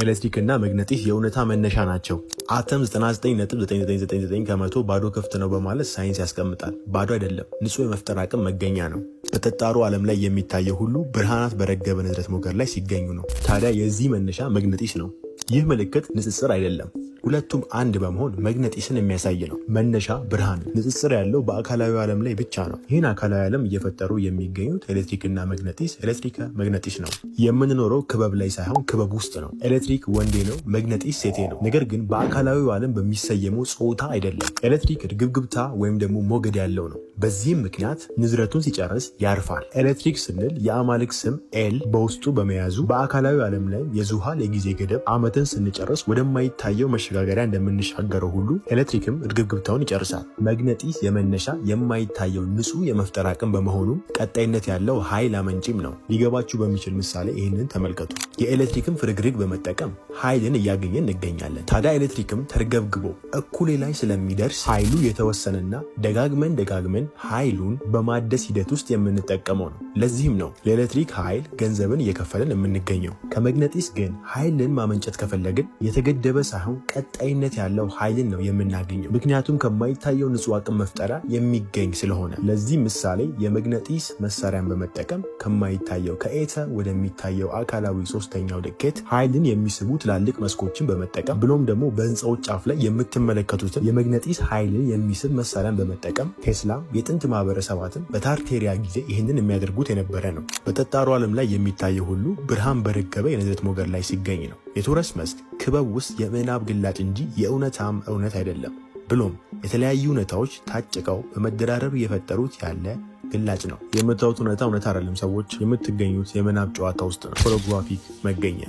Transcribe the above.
ኤሌክትሪክ እና መግነጢስ የእውነታ መነሻ ናቸው። አተም 999999 ከመቶ ባዶ ክፍት ነው በማለት ሳይንስ ያስቀምጣል። ባዶ አይደለም፣ ንጹህ የመፍጠር አቅም መገኛ ነው። በጠጣሩ ዓለም ላይ የሚታየው ሁሉ ብርሃናት በረገበ ንዝረት ሞገድ ላይ ሲገኙ ነው። ታዲያ የዚህ መነሻ መግነጢስ ነው። ይህ ምልክት ንጽጽር አይደለም፣ ሁለቱም አንድ በመሆን መግነጢስን የሚያሳይ ነው። መነሻ ብርሃን ንጽጽር ያለው በአካላዊ ዓለም ላይ ብቻ ነው። ይህን አካላዊ ዓለም እየፈጠሩ የሚገኙት ኤሌክትሪክና መግነጢስ ኤሌክትሪከ መግነጢስ ነው። የምንኖረው ክበብ ላይ ሳይሆን ክበብ ውስጥ ነው። ኤሌክትሪክ ወንዴ ነው፣ መግነጢስ ሴቴ ነው። ነገር ግን በአካላዊ ዓለም በሚሰየመው ጾታ አይደለም። ኤሌክትሪክ ድግብግብታ ወይም ደግሞ ሞገድ ያለው ነው። በዚህም ምክንያት ንዝረቱን ሲጨርስ ያርፋል። ኤሌክትሪክ ስንል የአማልክ ስም ኤል በውስጡ በመያዙ በአካላዊ ዓለም ላይ የዙሃል የጊዜ ገደብ ዓመትን ስንጨርስ ወደማይታየው መሸ መሸጋገሪያ እንደምንሻገረው ሁሉ ኤሌክትሪክም እድግብግብታውን ይጨርሳል። መግነጢስ የመነሻ የማይታየው ንጹህ የመፍጠር አቅም በመሆኑ ቀጣይነት ያለው ኃይል አመንጭም ነው። ሊገባችሁ በሚችል ምሳሌ ይህንን ተመልከቱ። የኤሌክትሪክም ፍርግርግ በመጠቀም ኃይልን እያገኘን እንገኛለን። ታዲያ ኤሌክትሪክም ተርገብግቦ እኩሌ ላይ ስለሚደርስ ኃይሉ የተወሰነና ደጋግመን ደጋግመን ኃይሉን በማደስ ሂደት ውስጥ የምንጠቀመው ነው። ለዚህም ነው ለኤሌክትሪክ ኃይል ገንዘብን እየከፈልን የምንገኘው። ከመግነጢስ ግን ኃይልን ማመንጨት ከፈለግን የተገደበ ሳይሆን ቀ ቀጣይነት ያለው ኃይልን ነው የምናገኘው። ምክንያቱም ከማይታየው ንጹህ አቅም መፍጠሪያ የሚገኝ ስለሆነ። ለዚህ ምሳሌ የመግነጢስ መሳሪያን በመጠቀም ከማይታየው ከኤተ ወደሚታየው አካላዊ ሶስተኛው ልኬት ኃይልን የሚስቡ ትላልቅ መስኮችን በመጠቀም ብሎም ደግሞ በህንፃዎች ጫፍ ላይ የምትመለከቱትን የመግነጢስ ኃይልን የሚስብ መሳሪያን በመጠቀም ቴስላ የጥንት ማህበረሰባትን በታርቴሪያ ጊዜ ይህንን የሚያደርጉት የነበረ ነው። በጠጣሩ ዓለም ላይ የሚታየው ሁሉ ብርሃን በረገበ የነዝረት ሞገድ ላይ ሲገኝ ነው። የቶረስ መስክ ክበብ ውስጥ የምዕናብ ግላ ምክንያት እንጂ የእውነታም እውነት አይደለም። ብሎም የተለያዩ እውነታዎች ታጭቀው በመደራረብ እየፈጠሩት ያለ ግላጭ ነው። የምታዩት እውነታ እውነት አይደለም። ሰዎች የምትገኙት የምናብ ጨዋታ ውስጥ ነው። ሆሎግራፊክ መገኛ